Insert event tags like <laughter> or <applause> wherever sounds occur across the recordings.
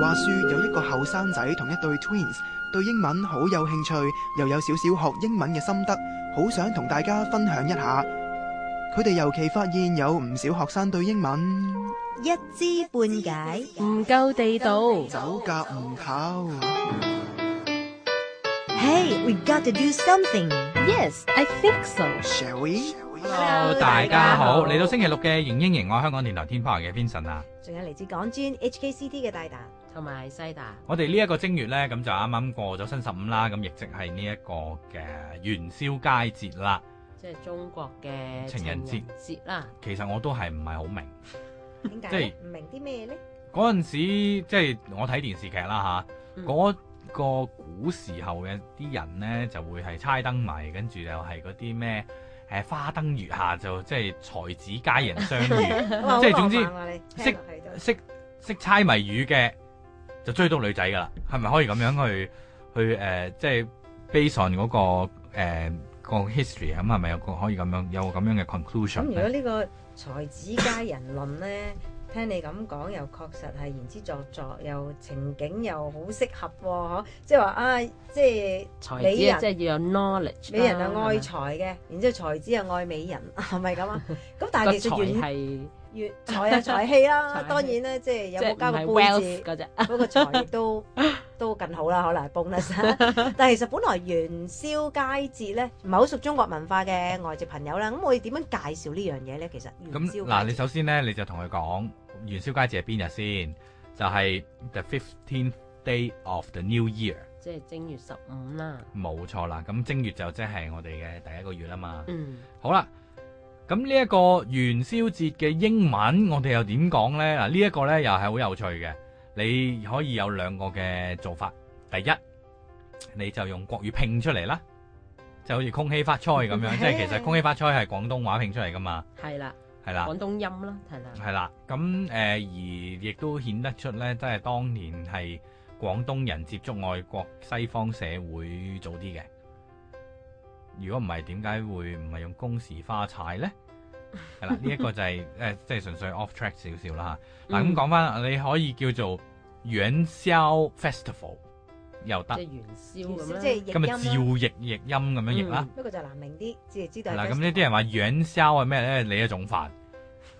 話說有一個後生仔同一對 twins，對英文好有興趣，又有少少學英文嘅心得，好想同大家分享一下。佢哋尤其發現有唔少學生對英文一知半解，唔夠地道，走夾唔抖。Hey，we got to do something。Yes，I think so。Shall we？Hello，大家好，嚟到星期六嘅《迎英迎我》，香港電台天播嘅 Vincent 啊，仲有嚟自港專 HKCT 嘅大達。同埋西大，我哋呢一個正月咧，咁就啱啱過咗新十五啦，咁亦即係呢一個嘅元宵佳節啦，即係中國嘅情人節啦。其實我都係唔係好明白，即係唔明啲咩咧？嗰陣時即係、就是、我睇電視劇啦吓，嗰、嗯那個古時候嘅啲人咧就會係猜燈謎，跟住又係嗰啲咩誒花燈月下就即係、就是、才子佳人相遇，即 <laughs> 係總之、 <laughs> 啊、識識識猜謎語嘅。就追到女仔噶啦，係咪可以咁樣去去即係、呃就是、based on 嗰個誒個 history 咁，係咪有個可以咁樣有咁樣嘅 conclusion？咁如果呢個才子佳人論咧， <coughs> 聽你咁講又確實係言之鑿鑿，又情景又好適合喎，即係話啊，即係、啊、美人，即係要有 knowledge，、啊、美人又愛才嘅，然之後才子又愛美人，係咪咁啊？咁 <laughs> 但係其實原係。月財啊財氣啦，當然咧即係有冇加個 bonus 嗰隻，嗰個財都都更好啦，可能係 bonus。但係其實本來元宵佳節咧，唔係好熟中國文化嘅外籍朋友啦，咁我哋點樣介紹呢樣嘢咧？其實元宵佳節嗱，你首先咧你就同佢講元宵佳節係邊日先？就係 the fifteenth day of the new year，即係正月十五啦。冇錯啦，咁正月就即係我哋嘅第一個月啦嘛。嗯，好啦。咁呢一個元宵節嘅英文，我哋又點講呢？嗱，呢一個呢又係好有趣嘅。你可以有兩個嘅做法。第一，你就用國語拼出嚟啦，就好似“恭喜發財”咁樣。即係其實“恭喜發財”係廣東話拼出嚟噶嘛。係啦，係啦，廣東音啦，係啦，係啦。咁誒，而亦都顯得出呢，即係當年係廣東人接觸外國西方社會早啲嘅。如果唔係，點解會唔係用公時花柴咧？係啦，呢一個就係、是、誒、呃，即係純粹 off track 少少啦嗱，咁講翻，你可以叫做元宵 Festival 又得，即係元宵咁即係咁啊！今日照譯譯音咁、嗯、樣譯啦。不、那、過、個、就難明啲，只係知道。嗱，咁呢啲人話元宵係咩咧， <laughs> 是你一種飯。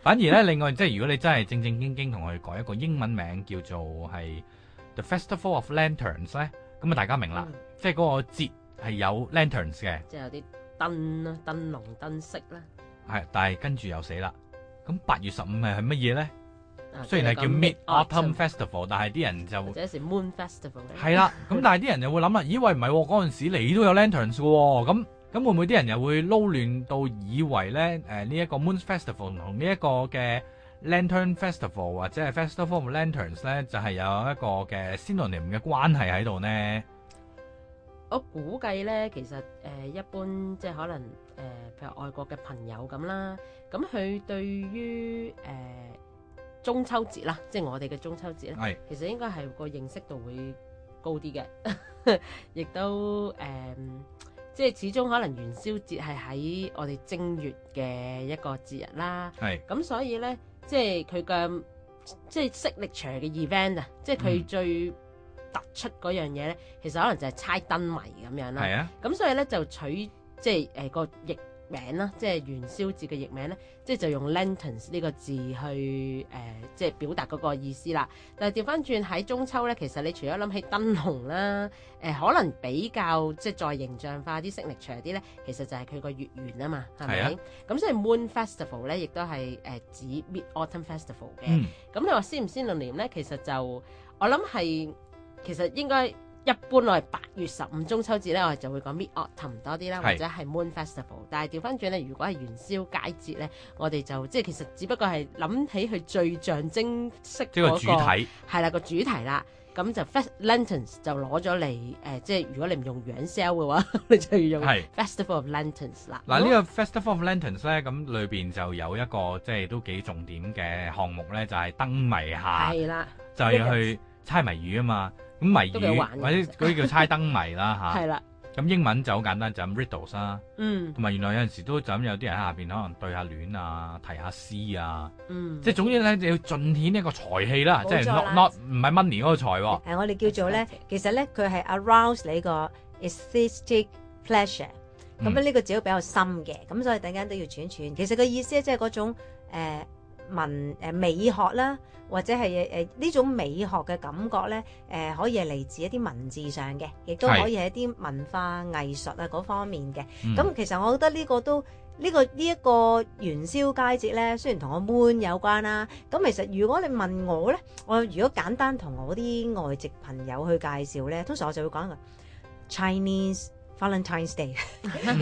反而咧，另外即係如果你真係正正經經同佢改一個英文名叫做係 The Festival of Lanterns 咧，咁啊大家明白啦，嗯、即係嗰個節。係有 lanterns 嘅，即係有啲燈啦、燈籠、燈飾啦。係，但係跟住又死啦。咁八月十五係係乜嘢咧？雖然係叫 Mid Autumn, Mid Autumn Festival，但係啲人就，或者係 Moon Festival。係啦，咁但係啲人又會諗啦，咦？喂，唔係嗰陣時你都有 lanterns 嘅喎。咁咁會唔會啲人又會撈亂到以為咧？誒，呢一個 Moon Festival 同呢一個嘅 Lantern Festival 或者係 Festival of Lanterns 咧，就係有一個嘅 synonym 嘅關係喺度咧？我估計咧，其實誒一般即係可能誒，譬如外國嘅朋友咁啦，咁佢對於誒中秋節啦，即係我哋嘅中秋節咧，係。其實應該係個認識度會高啲嘅，亦都誒，即係始終可能元宵節係喺我哋正月嘅一個節日啦。係。咁所以咧，即係佢嘅即係 signature 嘅 event 啊，即係佢最突出嗰樣嘢咧，其實可能就係猜燈謎咁樣啦。係啊，咁所以咧就取即係誒個譯名啦，即係、呃那個、元宵節嘅譯名咧，即係就用 lantern 呢個字去誒、呃，即係表達嗰個意思啦。但係，調翻轉喺中秋咧，其實你除咗諗起燈籠啦，誒、呃、可能比較即係再形象化啲、celebrate 啲咧，其實就係佢個月圓啊嘛，係咪，咁所以 Moon Festival 咧亦都係誒指 Mid Autumn Festival 嘅。咁、嗯、你話先唔先兩年咧？其實就我諗係。其實應該一般落去八月十五中秋節咧，我哋就會講 Mid Autumn 多啲啦，或者係 Moon Festival。但係調翻轉咧，如果係元宵佳節咧，我哋就即係其實只不過係諗起佢最象徵式嗰個主題係啦，個主題啦。咁就 Festival of Lanterns 就攞咗嚟誒，即係如果你唔用元宵嘅話，你就要用係 Festival of Lanterns 啦。嗱，呢個 Festival of Lanterns 咧，咁裏邊就有一個即係都幾重點嘅項目咧，就係燈謎下，係啦，就係要去猜謎語啊嘛。咁謎語或者嗰啲叫猜燈謎啦，咁 <laughs> 英文就好簡單就咁 riddles 啦，嗯，同埋原來有時都咁有啲人喺下面可能對下聯啊，提下詩啊，嗯，即係總之咧要盡顯呢個才氣啦，即、就、係、是、not not 唔係 money 嗰個才喎、嗯。我哋叫做咧，其實咧佢係 arouse 你個 aesthetic pleasure，咁、嗯、呢個字比較深嘅，咁所以等間都要串一串。其實個意思即係嗰種、呃文誒、呃、美學啦，或者係誒呢種美學嘅感覺咧，誒、呃、可以係嚟自一啲文字上嘅，亦都可以喺啲文化藝術啊嗰方面嘅。咁、嗯、其實我覺得呢個都呢、呢個呢一、呢個元宵佳節咧，雖然同我 moon 有關啦。咁其實如果你問我咧，我如果簡單同我啲外籍朋友去介紹咧，通常我就會講一個 Chinese Valentine's Day，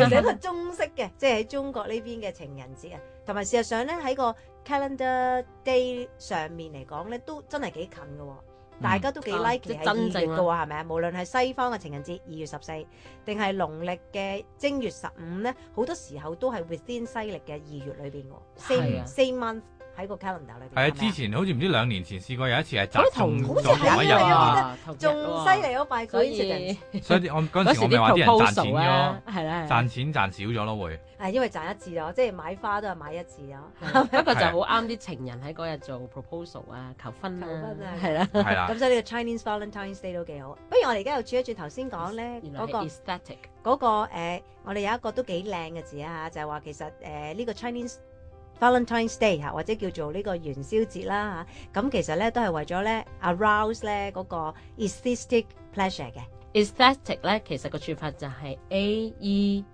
寫 <laughs> 個中式嘅，即係喺中國呢邊嘅情人節啊。同埋事實上咧喺個 calendar day 上面嚟講咧，都真係幾近嘅喎、哦嗯，大家都幾 like、啊、真正月嘅喎，係咪啊？無論係西方嘅情人節二月十四，定係農曆嘅正月十五咧，好多時候都係 within 西曆嘅二月裏邊嘅 same month。喺個 calendar 裏邊。係啊，之前好似唔知兩年前試過有一次係走嗰好似係啊，仲犀利嗰塊。所以，我嗰陣時我話啲人賺錢嘅，係 <laughs> 啦，賺錢賺少咗咯會。係因為賺一次咯，即係買花都係買一次咯。不過就好啱啲情人喺嗰日做 proposal 啊，求婚啊，係啦、啊，係啦。咁所以呢個 Chinese Valentine's Day 都幾好。不如我哋而家又轉一轉頭先講咧嗰個，嗰個誒，我哋有一個都幾靚嘅字啊，就係、是、話其實誒呢、呃這個 Chinese Valentine's Day 嚇，或者叫做呢個元宵節啦嚇，咁其實咧都係為咗咧 arouse 咧嗰個 aesthetic pleasure 嘅 aesthetic 咧，其實個綴法就係 a e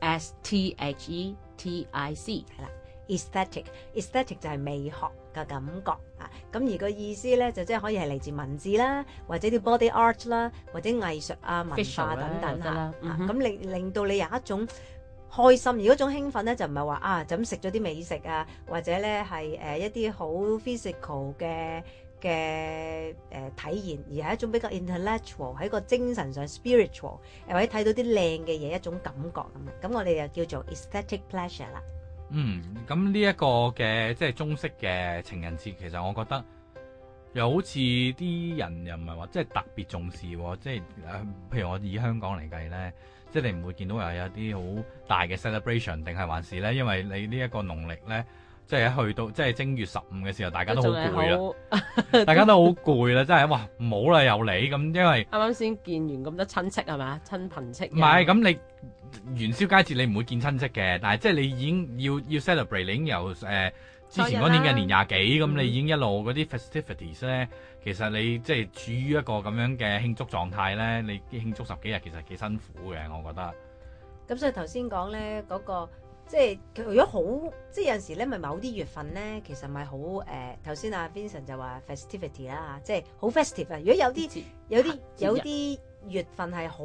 s t h e t i c 係啦 aesthetic aesthetic 就係美學嘅感覺啊，咁而個意思咧就即係可以係嚟自文字啦，或者啲 body art 啦，或者藝術啊、文化等等嚇，咁令令到你有一種開心而嗰種興奮咧就唔係話啊就咁食咗啲美食啊或者咧係誒一啲好 physical 嘅嘅誒體驗而係一種比較 intellectual 喺個精神上 spiritual 或者睇到啲靚嘅嘢一種感覺咁咁我哋又叫做 aesthetic pleasure 啦。嗯，咁呢一個嘅即係中式嘅情人節，其實我覺得又好似啲人又唔係話即係特別重視、啊、即係誒、呃，譬如我以香港嚟計咧。即係你唔會見到有有啲好大嘅 celebration，定係還是咧？因為你這農呢一個農曆咧，即係一去到即係正月十五嘅時候，大家都好攰啦，大家都好攰啦， <laughs> 真係哇！唔好啦，有你咁，因為啱啱先見完咁多親戚係嘛，親朋戚唔係咁你元宵佳節你唔會見親戚嘅，但係即係你已經要要 celebrate，你已經由誒。呃之前嗰年嘅年廿幾，咁、啊、你已經一路嗰啲 festivities 咧，嗯、其實你即係、就是、處於一個咁樣嘅慶祝狀態咧，你啲慶祝十幾日其實幾辛苦嘅，我覺得。咁所以頭先講咧，嗰、那個即係、就是、如果好，即、就、係、是、有陣時咧，咪某啲月份咧，其實咪好誒。頭先阿 Vincent 就話 festivity 啦，即係好 festive。如果有啲有啲有啲。有月份係好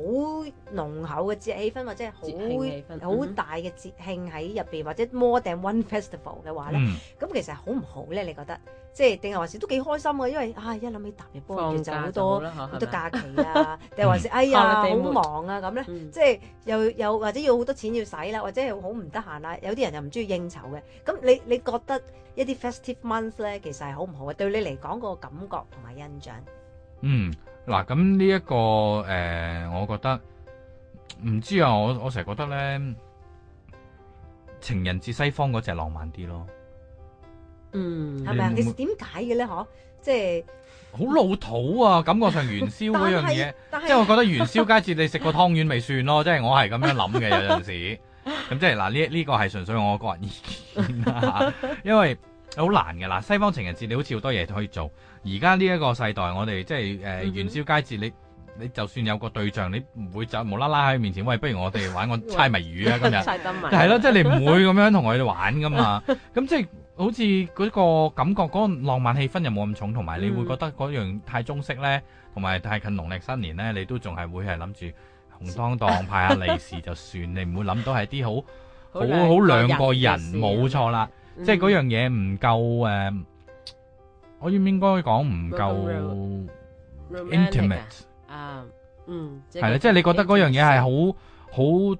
濃厚嘅節氣氛，或者係好好大嘅節慶喺入邊，或者 more than one festival 嘅話咧，咁、嗯、其實好唔好咧？你覺得，即係定係話都幾開心啊，因為啊、哎，一諗起假日多就好多好多假期啊，定係話哎呀好 <laughs> 忙啊咁咧、嗯？即係又又或者要好多錢要使啦，或者係好唔得閒啦。有啲人又唔中意應酬嘅。咁你你覺得一啲 festive months 咧，其實係好唔好？對你嚟講、嗰個感覺同埋印象，嗯。嗱、這個，咁呢一個誒，我覺得唔知啊，我我成日覺得咧，情人節西方嗰隻浪漫啲咯。嗯，係咪？你其點解嘅咧？嗬，即係好老土啊！感覺上元宵嗰 <laughs> 樣嘢，即係我覺得元宵佳節你食個湯圓未算咯，即 <laughs> 係我係咁樣諗嘅有陣時。咁即係嗱，呢呢、這個係、這個、純粹我個人意見、啊，因為好難嘅啦，西方情人節你好似好多嘢都可以做，而家呢一個世代我哋即係誒、呃、元宵佳節你你就算有個對象你唔會就無啦啦喺佢面前，喂，不如我哋玩個猜謎語啊，今日係咯，即係你唔會咁樣同佢哋玩噶嘛，咁 <laughs> 即係好似嗰個感覺嗰、嗰個浪漫氣氛又冇咁重，同埋你會覺得嗰樣太中式咧，同埋太近農曆新年咧，你都仲係會係諗住紅噹噹派下利是就算， <laughs> 你唔會諗到係啲好好好兩個人冇錯啦。 <laughs> <noise> 即係嗰樣嘢唔夠誒，我應唔應該講唔夠 intimate？啊，嗯，係啦、嗯，即係你覺得嗰樣嘢係好好。嗯嗯嗯嗯嗯嗯嗯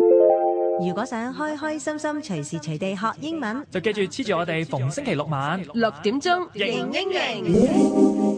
如果想開開心心隨時隨地學英文，就記住黐住我哋逢星期六晚六點鐘迎英認。